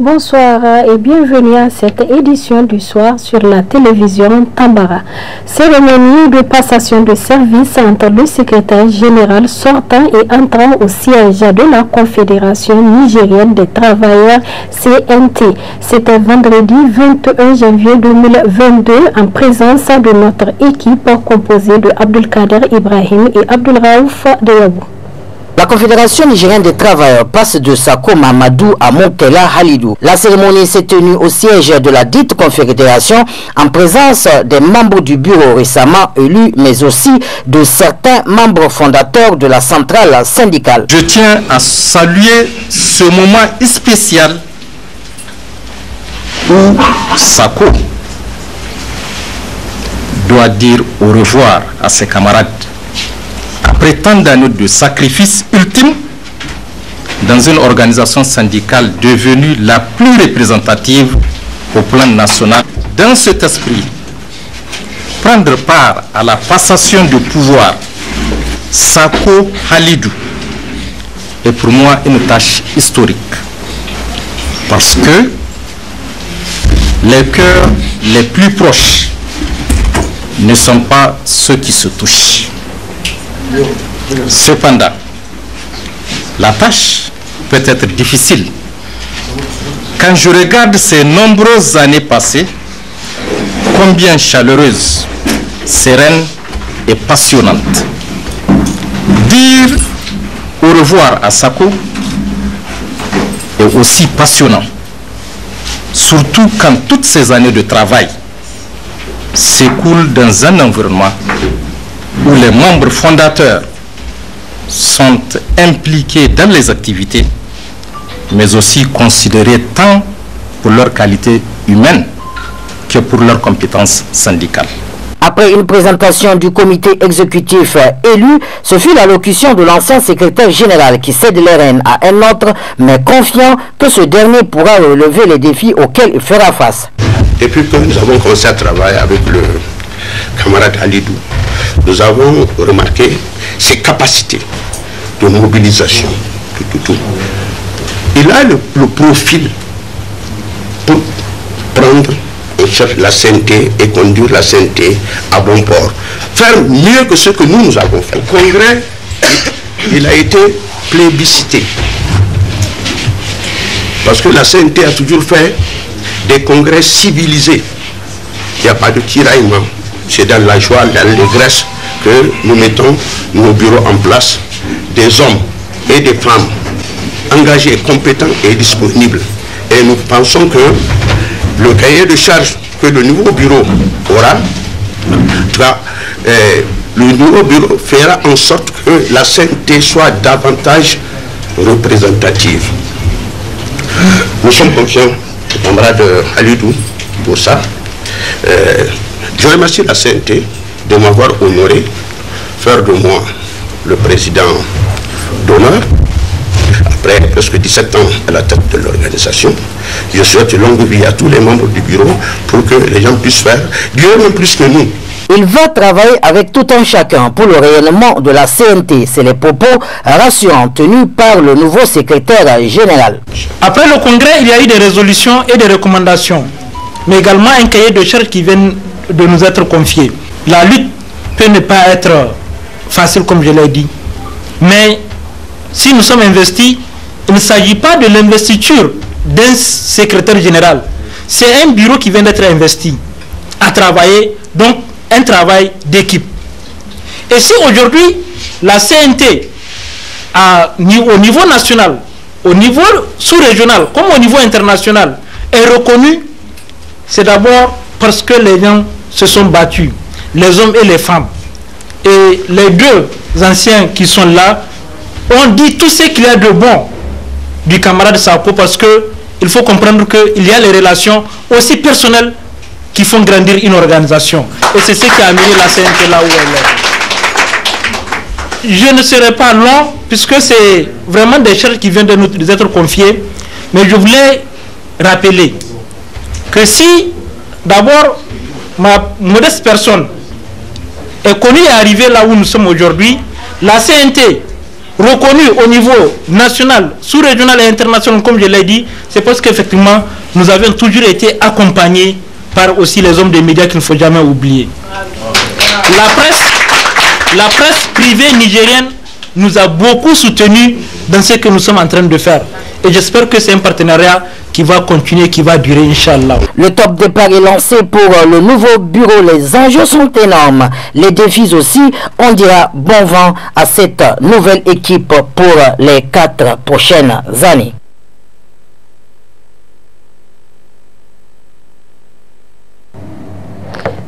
Bonsoir et bienvenue à cette édition du soir sur la télévision Tambara. Cérémonie de passation de service entre le secrétaire général sortant et entrant au siège de la Confédération nigérienne des travailleurs CNT. C'était vendredi 21 janvier 2022 en présence de notre équipe composée de Abdelkader Ibrahim et Abdelraouf Deyabou. La Confédération nigérienne des travailleurs passe de Sako Mamadou à Mokela Halidou. La cérémonie s'est tenue au siège de la dite Confédération en présence des membres du bureau récemment élus, mais aussi de certains membres fondateurs de la centrale syndicale. Je tiens à saluer ce moment spécial où Sako doit dire au revoir à ses camarades prétendre à nous de sacrifice ultime dans une organisation syndicale devenue la plus représentative au plan national. Dans cet esprit, prendre part à la passation du pouvoir, Sako Halidou, est pour moi une tâche historique. Parce que les cœurs les plus proches ne sont pas ceux qui se touchent. Cependant, la tâche peut être difficile. Quand je regarde ces nombreuses années passées, combien chaleureuse, sereine et passionnante. Dire au revoir à Sako est aussi passionnant, surtout quand toutes ces années de travail s'écoulent dans un environnement où les membres fondateurs sont impliqués dans les activités, mais aussi considérés tant pour leur qualité humaine que pour leurs compétences syndicales. Après une présentation du comité exécutif euh, élu, ce fut l'allocution de l'ancien secrétaire général qui cède les rênes à un autre, mais confiant que ce dernier pourra relever les défis auxquels il fera face. Depuis que nous avons commencé à travailler avec le camarade Alidou, nous avons remarqué ses capacités de mobilisation. Il a le, profil pour prendre en charge la santé et conduire la santé à bon port. Faire mieux que ce que nous, nous avons fait. Au Congrès, il a été plébiscité. Parce que la CNT a toujours fait des congrès civilisés. Il n'y a pas de tiraillement, c'est dans la joie, dans l'allégresse que nous mettons nos bureaux en place, des hommes et des femmes engagés, compétents et disponibles. Et nous pensons que le cahier de charge que le nouveau bureau aura, euh, le nouveau bureau fera en sorte que la sainteté soit davantage représentative. Nous sommes conscients, camarade Halidou, pour ça. Euh, je remercie la CNT de m'avoir honoré, faire de moi le président d'honneur. Après presque 17 ans à la tête de l'organisation, je souhaite longue vie à tous les membres du bureau pour que les gens puissent faire Dieu même plus que nous. Il va travailler avec tout un chacun pour le rayonnement de la CNT. C'est les propos rassurants tenus par le nouveau secrétaire général. Après le congrès, il y a eu des résolutions et des recommandations mais également un cahier de charges qui vient de nous être confié. La lutte peut ne pas être facile, comme je l'ai dit, mais si nous sommes investis, il ne s'agit pas de l'investiture d'un secrétaire général. C'est un bureau qui vient d'être investi à travailler, donc un travail d'équipe. Et si aujourd'hui, la CNT, au niveau national, au niveau sous-régional, comme au niveau international, est reconnue c'est d'abord parce que les gens se sont battus, les hommes et les femmes. Et les deux anciens qui sont là ont dit tout ce qu'il y a de bon du camarade Sarko parce que il faut comprendre qu'il y a les relations aussi personnelles qui font grandir une organisation. Et c'est ce qui a amené la CNT là où elle est. Je ne serai pas long puisque c'est vraiment des choses qui viennent de nous être confiées, mais je voulais rappeler que si d'abord ma modeste personne est connue et arrivée là où nous sommes aujourd'hui, la CNT reconnue au niveau national, sous-régional et international, comme je l'ai dit, c'est parce qu'effectivement, nous avons toujours été accompagnés par aussi les hommes des médias qu'il ne faut jamais oublier. La presse, la presse privée nigérienne nous a beaucoup soutenus dans ce que nous sommes en train de faire. Et j'espère que c'est un partenariat qui va continuer, qui va durer, Inch'Allah. Le top départ est lancé pour euh, le nouveau bureau. Les enjeux sont énormes. Les défis aussi. On dira bon vent à cette nouvelle équipe pour euh, les quatre prochaines années.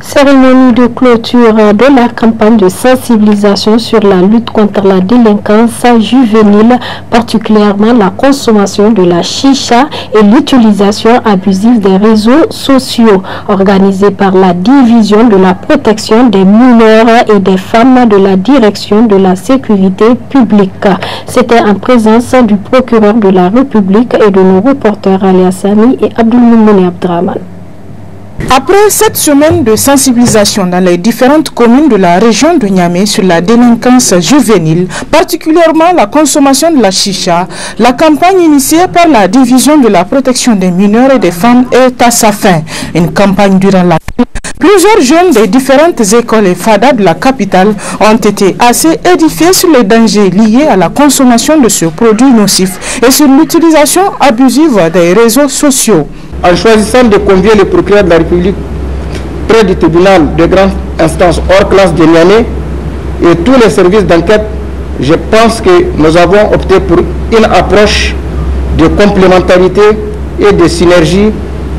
Cérémonie de clôture de la campagne de sensibilisation sur la lutte contre la délinquance juvénile, particulièrement la consommation de la chicha et l'utilisation abusive des réseaux sociaux, organisée par la division de la protection des mineurs et des femmes de la direction de la sécurité publique. C'était en présence du procureur de la République et de nos reporters Samy et Abdul Abdraman. Après sept semaines de sensibilisation dans les différentes communes de la région de Niamey sur la délinquance juvénile, particulièrement la consommation de la chicha, la campagne initiée par la division de la protection des mineurs et des femmes est à sa fin. Une campagne durant laquelle Plusieurs jeunes des différentes écoles et FADA de la capitale ont été assez édifiés sur les dangers liés à la consommation de ce produit nocif et sur l'utilisation abusive des réseaux sociaux en choisissant de convier le procureur de la République près du tribunal de grande instance hors classe de Niané et tous les services d'enquête, je pense que nous avons opté pour une approche de complémentarité et de synergie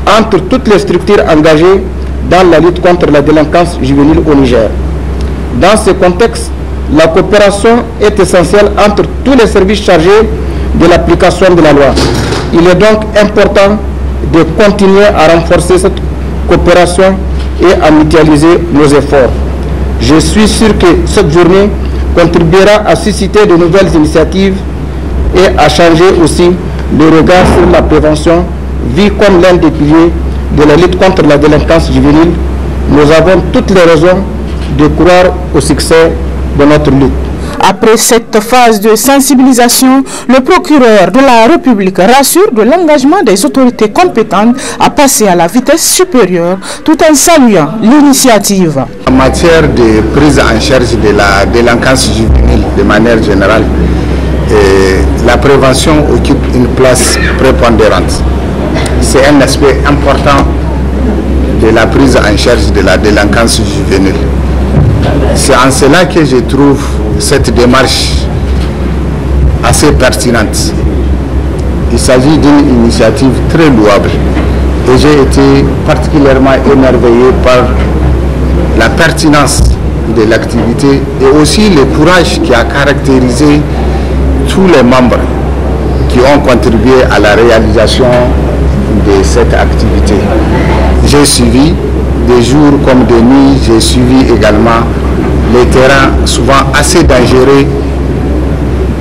entre toutes les structures engagées dans la lutte contre la délinquance juvénile au Niger. Dans ce contexte, la coopération est essentielle entre tous les services chargés de l'application de la loi. Il est donc important de continuer à renforcer cette coopération et à mutualiser nos efforts. Je suis sûr que cette journée contribuera à susciter de nouvelles initiatives et à changer aussi le regard sur la prévention, vu comme l'un des piliers de la lutte contre la délinquance juvénile. Nous avons toutes les raisons de croire au succès de notre lutte. Après cette phase de sensibilisation, le procureur de la République rassure de l'engagement des autorités compétentes à passer à la vitesse supérieure tout en saluant l'initiative. En matière de prise en charge de la délinquance juvénile de manière générale, eh, la prévention occupe une place prépondérante. C'est un aspect important de la prise en charge de la délinquance juvénile. C'est en cela que je trouve cette démarche assez pertinente. Il s'agit d'une initiative très louable et j'ai été particulièrement émerveillé par la pertinence de l'activité et aussi le courage qui a caractérisé tous les membres qui ont contribué à la réalisation de cette activité. J'ai suivi des jours comme des nuits, j'ai suivi également les terrains souvent assez dangereux.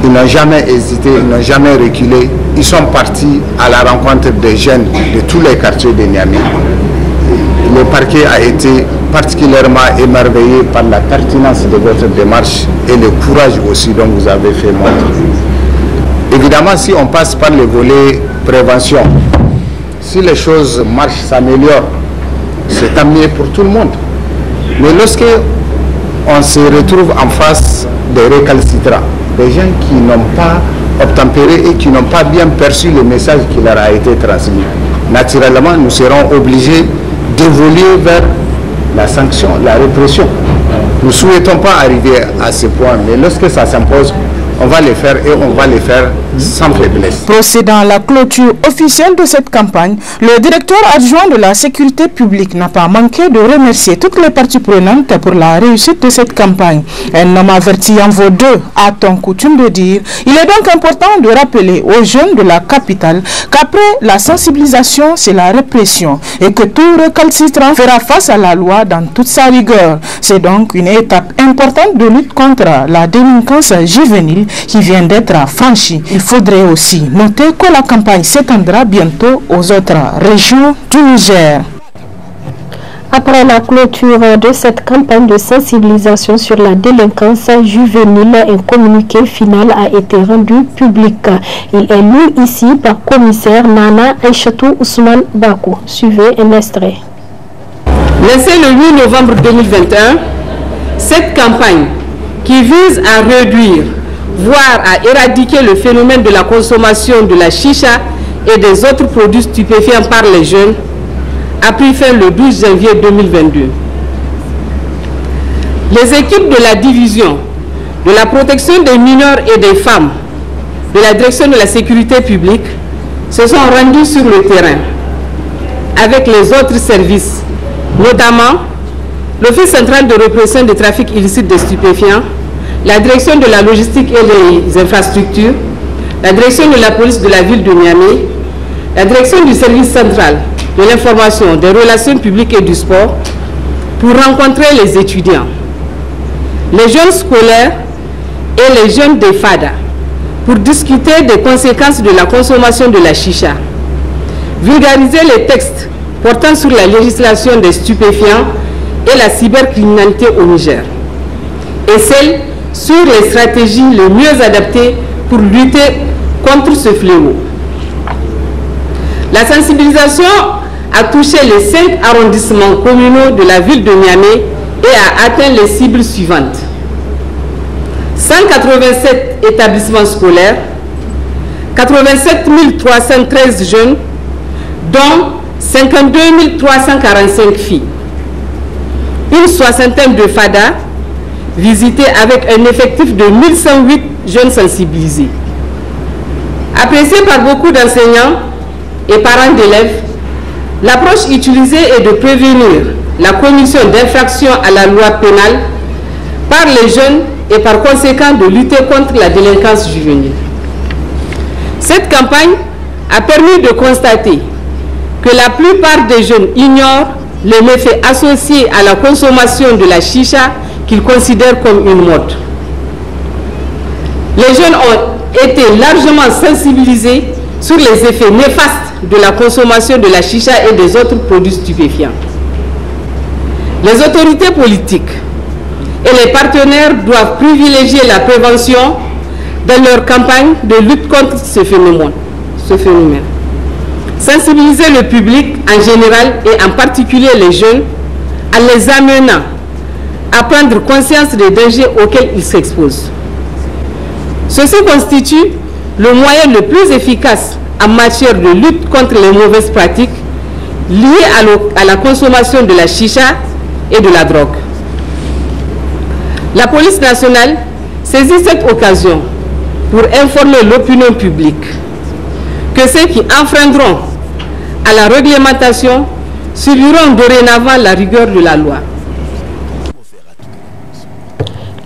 Ils n'ont jamais hésité, ils n'ont jamais reculé. Ils sont partis à la rencontre des jeunes de tous les quartiers de Niamey. Le parquet a été particulièrement émerveillé par la pertinence de votre démarche et le courage aussi dont vous avez fait montre. Évidemment, si on passe par le volet prévention, si les choses marchent, s'améliorent, c'est un mieux pour tout le monde. Mais lorsque on se retrouve en face des récalcitrants, des gens qui n'ont pas obtempéré et qui n'ont pas bien perçu le message qui leur a été transmis. Naturellement, nous serons obligés d'évoluer vers la sanction, la répression. Nous ne souhaitons pas arriver à ce point, mais lorsque ça s'impose, on va le faire et on va le faire Procédant la clôture officielle de cette campagne, le directeur adjoint de la sécurité publique n'a pas manqué de remercier toutes les parties prenantes pour la réussite de cette campagne. Un homme averti en vaut deux, a t coutume de dire. Il est donc important de rappeler aux jeunes de la capitale qu'après la sensibilisation, c'est la répression et que tout recalcitrant fera face à la loi dans toute sa rigueur. C'est donc une étape importante de lutte contre la délinquance juvénile qui vient d'être franchie faudrait aussi noter que la campagne s'étendra bientôt aux autres régions du Niger. Après la clôture de cette campagne de sensibilisation sur la délinquance juvénile, un communiqué final a été rendu public. Il est lu ici par commissaire Nana Echetou Ousmane Bakou. Suivez un extrait. le 8 novembre 2021, cette campagne qui vise à réduire voire à éradiquer le phénomène de la consommation de la chicha et des autres produits stupéfiants par les jeunes, a pris fin le 12 janvier 2022. Les équipes de la division de la protection des mineurs et des femmes de la direction de la sécurité publique se sont rendues sur le terrain avec les autres services, notamment l'Office central de répression des trafics illicites de stupéfiants, la direction de la logistique et des infrastructures, la direction de la police de la ville de Miami, la direction du service central de l'information, des relations publiques et du sport pour rencontrer les étudiants, les jeunes scolaires et les jeunes des FADA pour discuter des conséquences de la consommation de la chicha, vulgariser les textes portant sur la législation des stupéfiants et la cybercriminalité au Niger, et celle sur les stratégies les mieux adaptées pour lutter contre ce fléau. La sensibilisation a touché les cinq arrondissements communaux de la ville de Miami et a atteint les cibles suivantes. 187 établissements scolaires, 87 313 jeunes, dont 52 345 filles, une soixantaine de fadas Visité avec un effectif de 1108 jeunes sensibilisés. Appréciée par beaucoup d'enseignants et parents d'élèves, l'approche utilisée est de prévenir la commission d'infraction à la loi pénale par les jeunes et par conséquent de lutter contre la délinquance juvénile. Cette campagne a permis de constater que la plupart des jeunes ignorent les méfaits associés à la consommation de la chicha qu'ils considèrent comme une mode. Les jeunes ont été largement sensibilisés sur les effets néfastes de la consommation de la chicha et des autres produits stupéfiants. Les autorités politiques et les partenaires doivent privilégier la prévention dans leur campagne de lutte contre ce phénomène. Ce phénomène. Sensibiliser le public en général et en particulier les jeunes en les amenant à prendre conscience des dangers auxquels ils s'exposent. Ceci constitue le moyen le plus efficace en matière de lutte contre les mauvaises pratiques liées à, la consommation de la chicha et de la drogue. La police nationale saisit cette occasion pour informer l'opinion publique que ceux qui enfreindront à la réglementation suivront dorénavant la rigueur de la loi.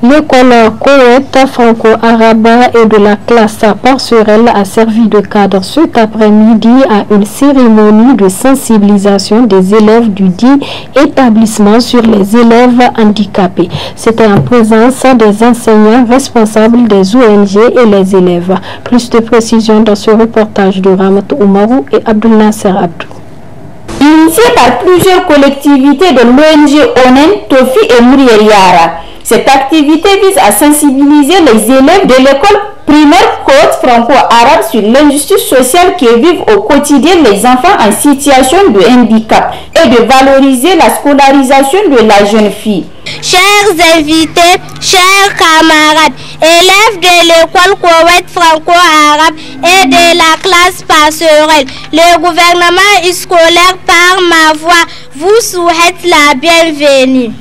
L'école Coët franco-arabe et de la classe elle a servi de cadre cet après-midi à une cérémonie de sensibilisation des élèves du dit établissement sur les élèves handicapés. C'était en présence des enseignants responsables des ONG et les élèves. Plus de précisions dans ce reportage de Ramat Oumarou et Abdel Nasser Initié par plusieurs collectivités de l'ONG ONEN, Tofi et Muriel Yara, cette activité vise à sensibiliser les élèves de l'école primaire côte franco-arabe sur l'injustice sociale que vivent au quotidien les enfants en situation de handicap et de valoriser la scolarisation de la jeune fille. Chers invités, chers camarades, élèves de l'école Koweït franco-arabe et de la classe passerelle, le gouvernement scolaire par ma voix vous souhaite la bienvenue.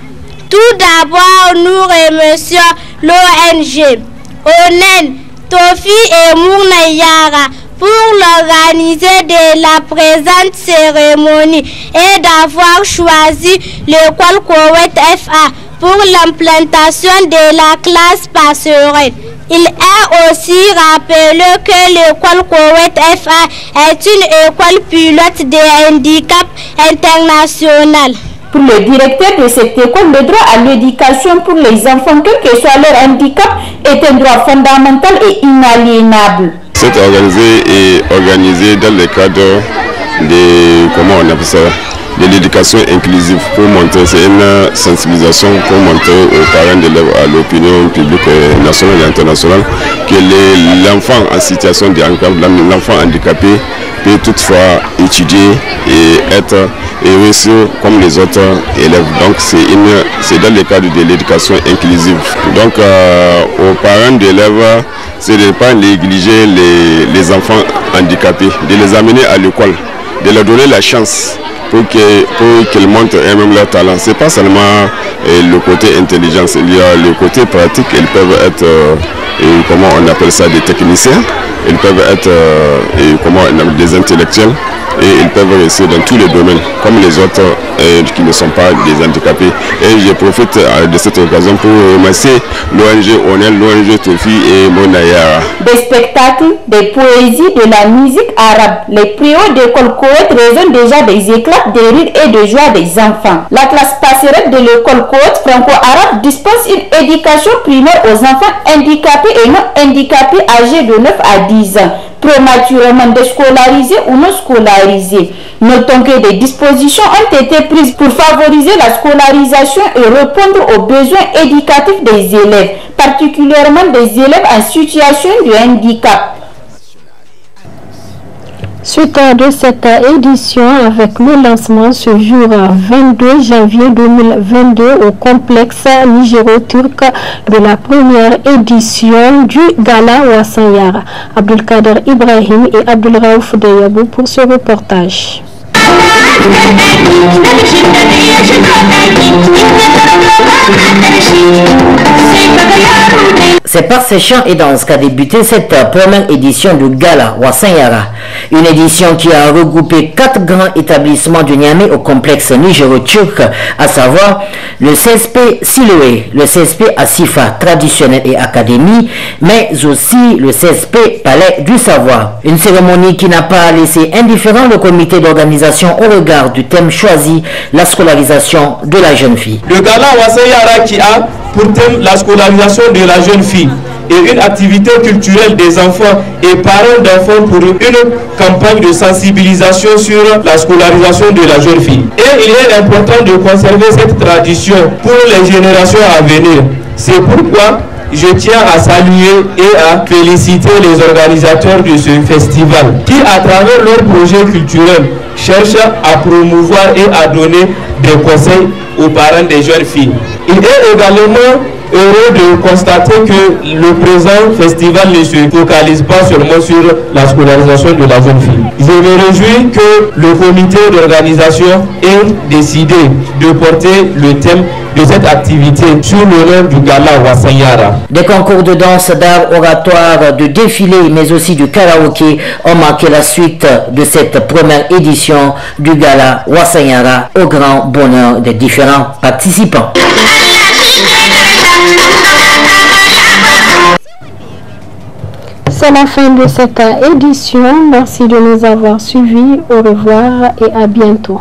Tout d'abord, nous remercions l'ONG Onen, Tofi et Mournayara pour l'organiser de la présente cérémonie et d'avoir choisi l'école Koweït FA pour l'implantation de la classe passerelle. Il est aussi rappelé que l'école Koweït FA est une école pilote de handicap international. Pour le directeur de cette école, le droit à l'éducation pour les enfants, quel que soit leur handicap, est un droit fondamental et inaliénable. C'est organisé et organisé dans le cadre de, comment on appelle ça, de l'éducation inclusive pour montrer, c'est une sensibilisation pour montrer aux parents d'élèves, à l'opinion publique nationale et internationale que l'enfant en situation de handicap, l'enfant handicapé peut toutefois étudier et être et aussi comme les autres élèves. Donc c'est dans le cadre de l'éducation inclusive. Donc euh, aux parents d'élèves, c'est de ne pas négliger les, enfants handicapés, de les amener à l'école, de leur donner la chance pour qu'ils montrent eux-mêmes leur talent. Ce n'est pas seulement euh, le côté intelligence, il y a le côté pratique, ils peuvent être, euh, comment on appelle ça, des techniciens, ils peuvent être, comment, des intellectuels et ils peuvent rester dans tous les domaines, comme les autres euh, qui ne sont pas des handicapés. Et je profite euh, de cette occasion pour remercier l'ONG ONEL, l'ONG Tofi et Monaya. Des spectacles, des poésies, de la musique arabe, les préaux d'école côte résonnent déjà des éclats des rires et de joie des enfants. La classe passerelle de l'école Côte franco-arabe dispense une éducation primaire aux enfants handicapés et non handicapés âgés de 9 à 10 ans prématurément déscolarisés ou non scolarisés. Notons que des dispositions ont été prises pour favoriser la scolarisation et répondre aux besoins éducatifs des élèves, particulièrement des élèves en situation de handicap. Suite de cette édition avec le lancement ce jour 22 janvier 2022 au complexe nigéro-turc de la première édition du Gala Abdul Abdelkader Ibrahim et Abdelraouf Deyabou pour ce reportage. C'est par ces chants et danses qu'a débuté cette première édition du Gala Wassayara, une édition qui a regroupé quatre grands établissements du Niamey au complexe nigéro-turc, à savoir le CSP Siloé, le CSP Asifa traditionnel et académie, mais aussi le CSP Palais du Savoir. Une cérémonie qui n'a pas laissé indifférent le comité d'organisation au regard du thème choisi, la scolarisation de la jeune fille. Le gala Waseyara qui a pour thème la scolarisation de la jeune fille et une activité culturelle des enfants et parents d'enfants pour une campagne de sensibilisation sur la scolarisation de la jeune fille. Et il est important de conserver cette tradition pour les générations à venir. C'est pourquoi je tiens à saluer et à féliciter les organisateurs de ce festival qui, à travers leur projet culturel, cherche à promouvoir et à donner des conseils aux parents des jeunes filles. Il est également heureux de constater que le présent festival ne se focalise pas seulement sur la scolarisation de la jeune fille. Je me réjouis que le comité d'organisation ait décidé de porter le thème de cette activité sur l'honneur du gala Wassayara. Des concours de danse, d'art oratoire, de défilé, mais aussi du karaoké ont marqué la suite de cette première édition du gala Wassayara au grand bonheur des différents participants. C'est la fin de cette édition. Merci de nous avoir suivis. Au revoir et à bientôt.